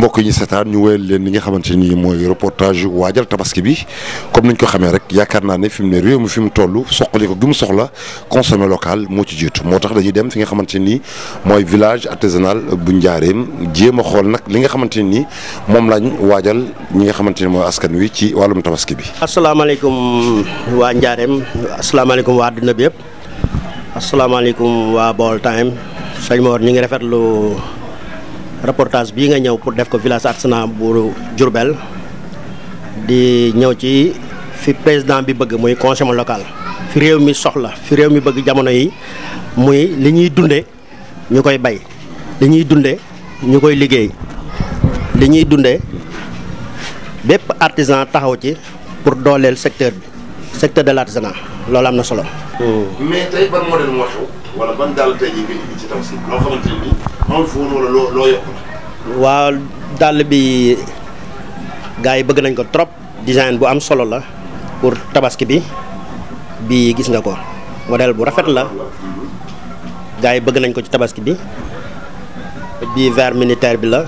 mbokk yi ñu seetaan ñu wéyal leen li nga xamante ni mooy reportage waajal tabaski bi comme nañ ko xamee rek yaakaar naa ne fi mu ne réew mi fi mu toll soqali ko gi mu soxla consommer local moo ci jiitu moo tax dañuy dem fi nga xamante ni mooy village artisanal bu Njaareem jéem a xool nag li nga xamante ni moom lañ waajal ñi nga xamante ni mooy askan wi ci wàllum tabaski bi. asalaamaaleykum waa Njaareem asalaamaaleykum waa adduna bi yëpp waa Baol Time sëñ Mor ñu ngi rafetlu. reportage bii nga ñëw pour def ko village artisanal bu Diourbel di ñëw ci fi président bi bëgg muy ma local fi réew mi soxla fi réew mi bëgg jamono yi muy li ñuy dunde ñu koy bay li ñuy dunde ñu koy liggéey li ñuy dunde bépp artisan taxaw ci pour dooleel secteur bi secteur de l'artisanat loolu am na solo. Hmm. amul fu waaw dàll bi gars yi bëgg nañ ko trop design bu am solo la pour tabaski bi bii gis nga ko modèle bu rafet la gars yi bëgg nañ ko ci tabaski bi bii ver militaire bi la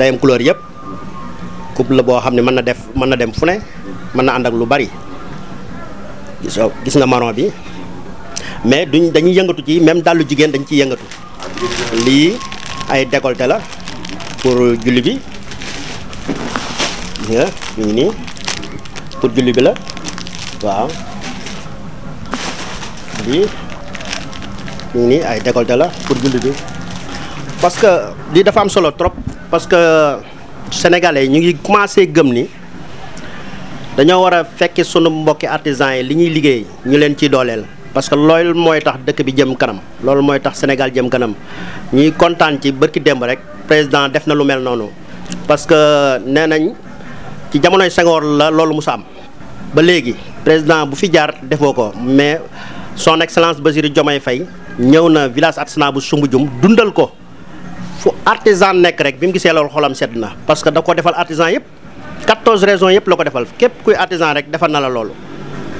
day am couleur yëpp coupe la boo xam ne mën na def mën na dem fu ne mën na ànd ak lu bari gis gis nga maron bi mais duñ dañu yëngatu ci même dàllu jigéen dañ ciy yëngatu lii ay décolleté la pour julli bi nga ñu ngi nii bi la waaw lii nii ay décolleté la pour julli bi parce que lii dafa am solo trop parce que sénégalais ñu ngi commencé gëm ni dañoo war a fekki sunu mbokki artisans yi li ñuy liggéey ñu leen ciy dooleel parce que loolu mooy tax dëkk bi jëm kanam loolu mooy tax Sénégal jëm kanam ñuy kontaan ci bërki demb rek président def na lu mel noonu parce que nee nañ ci jamonoy Senghor la loolu musa am ba léegi président bu fi jaar defoo ko mais son excellence Bassirou Diomaye Faye ñëw na village artisanal bu Soumbédioune dundal ko fu artisan nekk rek bi mu gisee loolu xolam sedd na parce que da ko defal artisan yëpp 14 raison yëpp la ko defal képp kuy artisan rek defal na la loolu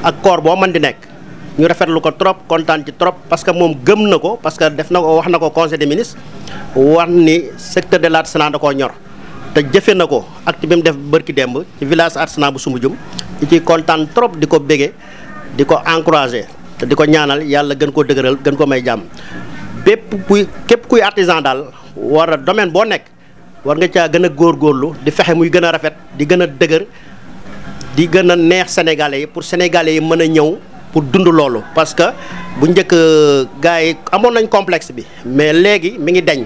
ak corps boo mën di nekk ñu rafetlu ko trop kontaan ci trop parce que moom gëm na ko parce que def na ko wax na ko conseil des ministres wax ni secteur de l'artisanat da koo ñor te jëfe na ko acte bi mu def bërki demb ci village artisanat bu Soumbédioune ñu ci kontaan trop di ko bége di ko encouragé te di ko ñaanal yàlla gën koo dëgëral gën ko may jàmm bépp kuy képp kuy artisan daal war a domaine boo nekk war nga caa gën a góorgóorlu di fexe muy gën a rafet di gën a dëgër di gën a neex sénégalais yi pour sénégalais yi mën a ñëw pour dund loolu parce que bu njëkk gars yi amoon nañ complexe bi mais léegi mi ngi dañ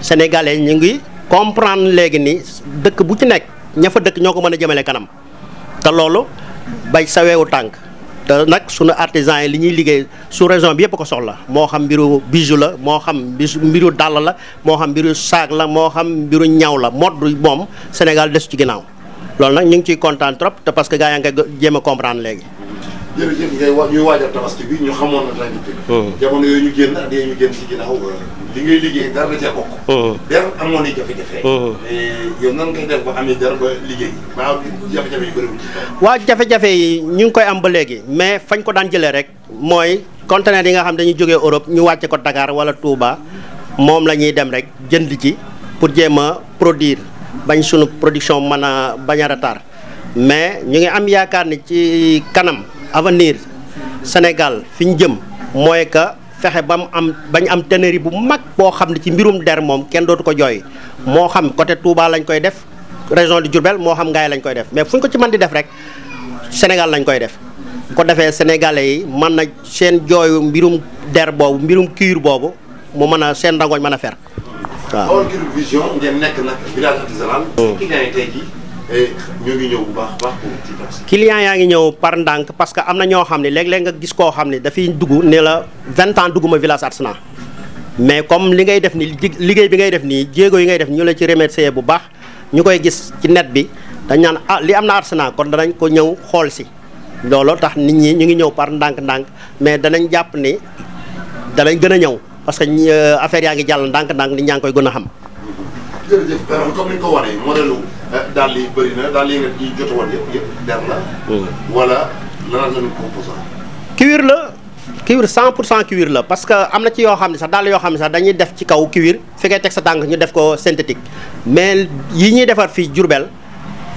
sénégalais ñu ngi comprendre léegi ni dëkk bu ci nekk ña fa dëkk ñoo ko mën a jëmale kanam te loolu bay saweewu tànk te nag sunu artisans yi li ñuy liggéey su région bi yëpp ko soxla moo xam mbiru bijou la moo xam mbiru dàll la moo xam mbiru saag la moo xam mbiru ñaw la mode moom Sénégal des ci ginnaaw loolu nag ñu ngi ciy kontaan trop te parce que a yaa ngi jéem a comprendre léegi. jërëjëf bi ñu xamoon oh. jamono yooyu ñu génn at euh, oh. oh. eh, jafe-jafe. yi ñu ngi koy am ba léegi mais fañ ko daan jëlee rek mooy conteneur yi nga xam dañuy jógee Europe ñu wàcce ko Dakar wala Touba moom la ñuy dem rek jënd ci pour jéem a produire bañ sunu production mën a bañ a mais ñu ngi am yaakaar ni ci kanam. avenir Sénégal fi ñu jëm mooy que fexe ba mu am bañ am tannerie bu mag boo xam ne ci mbirum der moom kenn dootu ko jooy moo xam côté Touba lañ koy def région de Diourbel moo xam Ngaye lañ koy def mais fu ñu ko ci man di def rek Sénégal lañ koy def. ko defee sénégalais yi mën na seen jooyu mbirum der boobu mbirum cuir boobu mu mën a seen rangooñ mën a fer waaw. Eh, ñoo ngi client yaa ngi ñëw par ndànk parce que am na ñoo xam ne léeg-léeg nga gis koo xam ne dafiy dugg ne la vingt ans dugguma village Arsenal mais comme li ngay def ni liggéey bi ngay def nii jéego yi ngay def ñu la ci remercier bu baax ñu koy gis ci net bi dañ naan ah li am na Arsenal kon danañ ko ñëw xool si looloo tax nit ñi ñu ngi ñëw par ndànk-ndànk mais danañ jàpp ni danañ gën a ñëw parce que euh, affaire yaa ngi jàll ndànk-ndànk nit ñaa ngi koy gën a xam jërëjëf Père ko wanee modèle lu la. wala lan la ñu composant. pour cent cuir la parce que am na ci yoo xam ne sax dàll yoo xam ne sax dañuy def ci kaw cuir fi ngay teg sa tànk ñu def ko synthétique mais yi ñuy defar fii Jurbel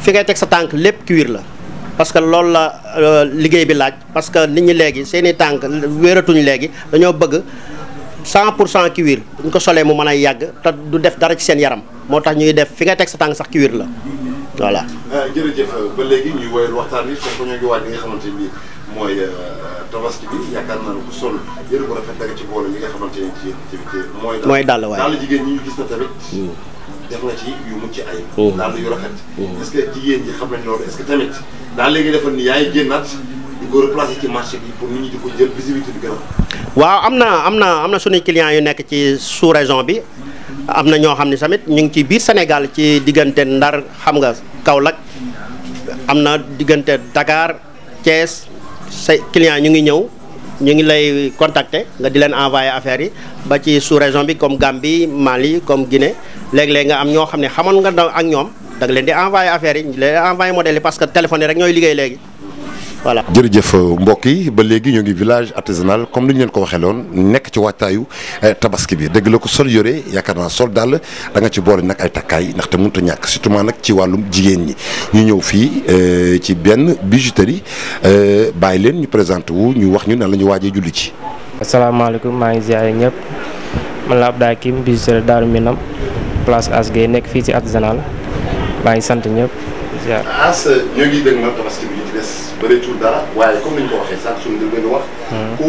fi ngay teg sa tànk lépp cuir la. parce que loolu la euh, liggéey bi laaj parce que nit ñi léegi seen i tànk wéeratuñu léegi dañoo bëgg. cent pour cent cuir buñ ko solee mu mën a yàgg te du def dara ci seen yaram moo tax ñuy def fi nga teg sa tànk sax kiwiir la voilà. Euh, jërëjëf euh, ba léegi ñuy woyal waxtaan wi foofu ñoo ngi li nga xamante ni mooy euh, tabaski bi yaakaar naa ne sol yëre ci boole ci ci mooy. mooy dàll jigéen ñi ñu gis na tamit. Hmm. def na ci yu mucc ayib. Hmm. dàll yu rafet. Hmm. est jigéen ñi xam nañ loolu que tamit daa léegi defal ni yaay génnaat. ko replacer waaw am na am na am na suñuy clients yu nekk ci sous raison bi am na ñoo xam ne tamit ñu ngi ci biir Sénégal ci diggante Ndar xam nga Kaolack am na diggante dakaar Thiès say clients ñu ngi ñëw. ñu ngi lay contacter nga di leen envoyer affaires yi ba ci sous région bi comme Gambie Mali comme Guinée léeg-léeg nga am ñoo xam ne xamoon nga ak ñoom da leen di envoyer affaires yi ñu leen envoyer yi parce que téléphone yi rek ñooy liggéey léegi. voilà jërëjëf euh, mbokk yi ba léegi ñoo ngi village artisanal comme ni ñu leen ko waxee loon nekk ci waajtaayu euh, tabaski bi dëgg la ko sol yore yaakaar naa sol daal da nga ci boole nag ay takkaay ndaxte mënut a ñàkk surtout nag ci wàllum jigéen ñi ñu ñëw fii euh, ci benn bijouterie bàyyi leen ñu présenté wu ñu wax ñu ne lañu ñu waajee julli ci. asalaamaaleykum maa ngi ziare ñëpp man la Abdoulaye Kim bijouterie Daaru Minam place Asgay nekk fii ci artisanal maa ngi sant ñëpp ziar. bëreetul dara waaye comme ni ko waxee sànq suñu njëlbeen wax. Hmm. ku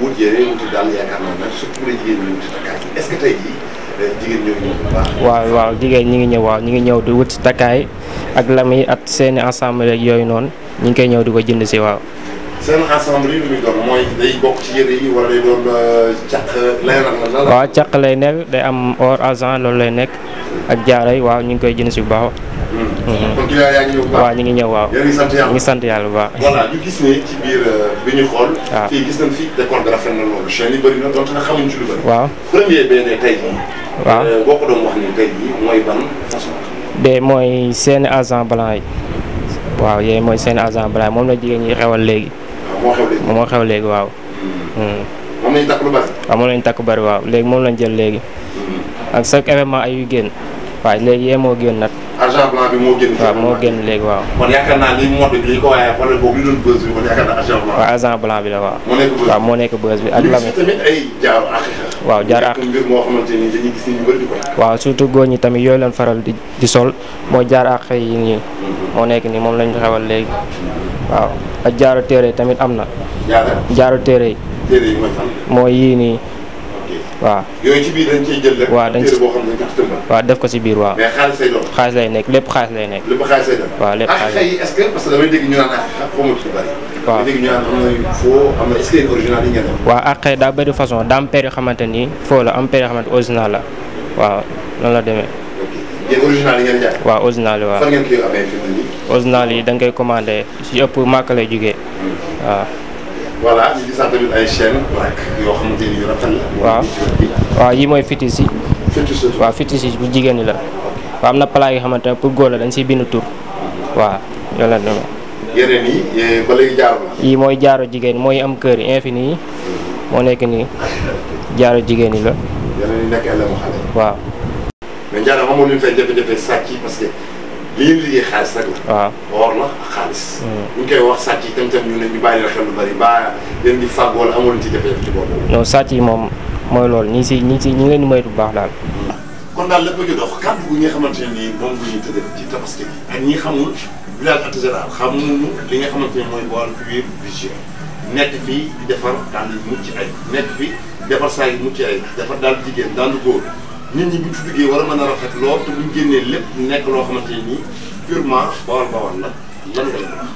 wut yére wuti daal yaakaar naa ne surtout bu dee jigéen ñi wuti takkaay est ce que tey jii eh, ngi ñëw waaw waaw jigéen ñi ngi ñëw waaw ñi ngi ñëw di takkaay ak lam yi ak seen i ensemble yooyu noonu ñu ngi koy ñëw di ko jënd si waaw. seen ensemble yi muy doon mooy day bokk ci yére yi wala day doon caq lay nar la. waaw caq lay nekk day am or argent loolu lay nekk. ak jaaray waaw ñu ngi koy jënd si bu baax. Hmm. Hmm. kon client yaa ngi ñëw bu baax waaw ñu ngi ñëw waaw. ñu ngi sant yàlla ñu ngi sant yàlla bu baax. voilà ñu gis ne ci biir euh, bi ñu xool. waaw ah. fii gis nañ fi décor bi rafet na loolu chaîne yi bëri na donte nag xamuñ ci lu bëri. waaw premier bee ne tey jii. waaw euh, boo ko doon wax ni tey jii mooy ban façon. bee mooy seen agent blanc yi. waaw yooyu mooy seen agent blanc moom la jigéen ñi xewal léegi. waaw ah, moo xew léegi waaw. moom lañ hmm. takk lu bari. waaw moom lañ takk bari waaw léegi moom lañ jël léegi. ak chaque événement ay yu génn waaw léegi yee moo génn nag. génn. waaw moo génn léegi waaw. kon bi waaw argent blanc bi la waaw. moo nekk buzz bi ak. lamit tamit waaw surtout góor ñi tamit yooyu leen faral di di sol mooy jaaru àq yi nii. Mhm. moo nekk nii moom lañ xewal léegi. waaw ak jaaru téere tamit am na. jaaru téere mooy yii nii. waaw def ko ci biir waaw. mais lépp xaalis lay nekk. lépp xaalis ak xamul ci bari. waaw damay am na foo yi ngeen am. waaw ak daa bëri am paire yoo xamante ni foo la am original la waaw noonu la demee. ok original yi ngeen original yi waaw. fan ngeen da koy commandé ëpp màkk lay jugee hmm. waaw voilà ñu gis naa tamit waaw waaw mooy fitis yi. waaw fitis yi bu jigéen ñi la. waaw am na plat yoo xamante ne pour góor la dañ siy bind tur. Mhm. waaw yoo la demee. yeneen yi ba léegi mooy jaaro jigéen mooy am kër yi mhm. moo nekk nii jaaro jigéen yi la. waaw. li ñuy liggéey xaalis rek la. waaw or la xaalis. bu mm. ñu koy wax sàcc yi tam tam ñu ne ñu bàyyi la xel lu bari mbaa leen di fàgg wala amoon ci jafe-jafe ci boobu. non yi moom mooy loolu ñi si ñi si ñi leen di bu baax daal. Mm. kon daal lépp gi dox nga xamante ne nii moom la ñuy tëddee ci tabaski ak ñi xamul village artisanal xamuñu li nga xamante ne mooy boole cuir vicieux nekk fii di defar daal di mucc ay nekk fii defar saa yi mucc ay defar daal jigéen daal góor. nit ñi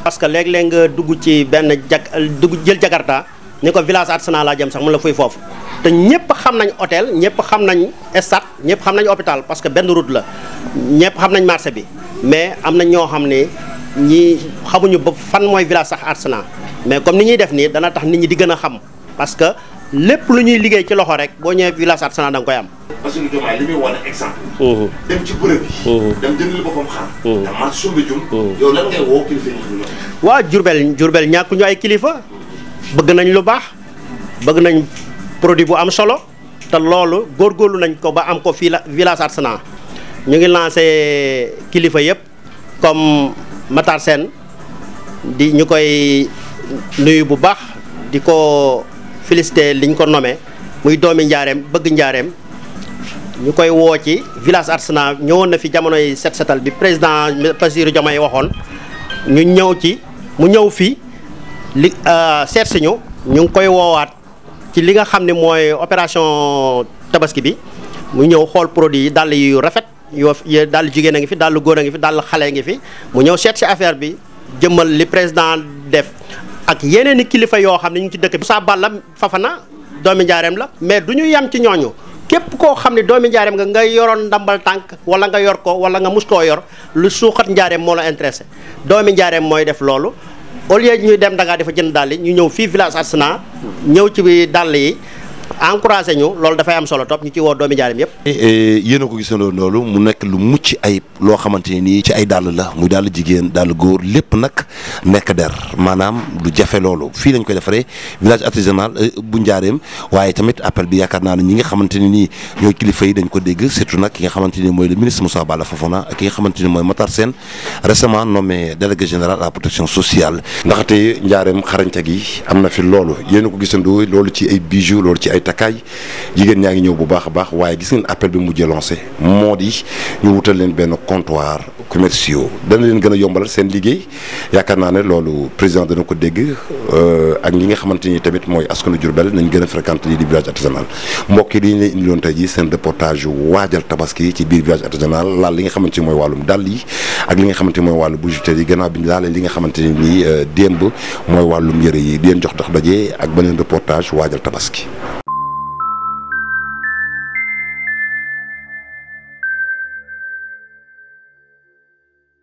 parce que léeg-léeg nga dugg ci benn jag dugg jël Jakarta ni ko village artisanal laa jëm sax mun la fuy foofu te ñëpp xam nañ hôtel ñëpp xam nañ stade ñëpp xam nañ hôpital parce que benn route la ñëpp xam nañ marché bi mais am na ñoo xam ne ñi xamuñu ba fan mooy village sax artisanal mais comme ni ñuy def nii dana tax nit ñi di gën a xam parce que lépp lu ñuy liggéey ci loxo rek boo ñëwee village artisanal da nga koy am. waa Jurbel Jurbel ñàkk ñu ay kilifa bëgg nañ lu baax bëgg nañ produit bu am solo te loolu góorlu nañ ko ba am ko fii la village artisanal ñu ngi lancé kilifa yëpp comme Matar di ñu koy nuyu bu baax di ko. félicité liñ ko nommé muy doomi njaareem bëgg njaareem ñu koy woo ci village Arsenal ñëwoon na fi jamonoy seet setal bi président Bassirou Diomaye waxoon ñu ñëw ci mu ñëw fii li euh, seet si ñu ñu ngi koy woowaat ci li nga xam ne mooy opération tabaski bi mu ñëw xool produit yi dàll yu rafet yoo dal jigéen a ngi fi dàll góor a ngi fi dàll xale ngi fi mu ñëw seet si affaire bi jëmmal li président def ak yeneen i kilifa yoo xam ne ñu ci dëkk bi. Moussa Balla Fafana doomi njaareem la mais du ñu yem ci ñooñu képp koo xam ne doomi njaareem nga nga yoroon ndambal tànk wala nga yor ko wala nga mus koo yor lu suuxat njaareem moo la intéressé doomi njaareem mooy def loolu au lieu ñuy dem Dakar dafa jënd dàll yi ñu ñëw fii village Asna ñëw ci bi dàll yi. encouragé ñu loolu dafay am solo topp ñu ci woo doomi jaarim yëpp eh, eh, yéen a ko gisandoo loolu mu nekk lu mucc ay loo xamante ne nii ci ay dàll la muy dàll jigéen dàll góor lépp nag nekk der maanaam lu jafe loolu fii lañ koy defaree village artisanal eh, bu njaareem waaye tamit appel bi yaakaar naa ne ñi nga xamante ne nii ñooy kilifa yi dañ ko dégg surtout nag ki nga xamante ni mooy le ministre Moussa Balla Fofana ak ki nga xamante ni mooy Matar Sène récemment nommé délégué général à la protection ndaxte njaareem xarañte gi am na fi loolu yéen ko gisandoo loolu ci ay ci ay ay takkaay jigéen ñaa ngi ñëw bu baax a baax waaye gis ngeen appel bi mujjee lancé moo di ñu wutal leen benn comptoir commerciaux dana leen gën a yombalal seen liggéey yaakaar naa ne loolu président dana ko dégg euh, ak ñi nga xamante ni tamit mooy askanu Jurbel nañ gën a fréquenté lii di village artisanal mbokki yi dañu leen indi loon tey jii seen reportage waajal tabaski ci biir village artisanal laal li nga xamante ni mooy wàllum dàll yi ak li nga xamante ni mooy wàllu bijouterie yi gannaaw bi ñu laalee li nga xamante ni nii euh, démb mooy wàllum yëre yi di leen jox dox daje ak beneen reportage waajal tabaski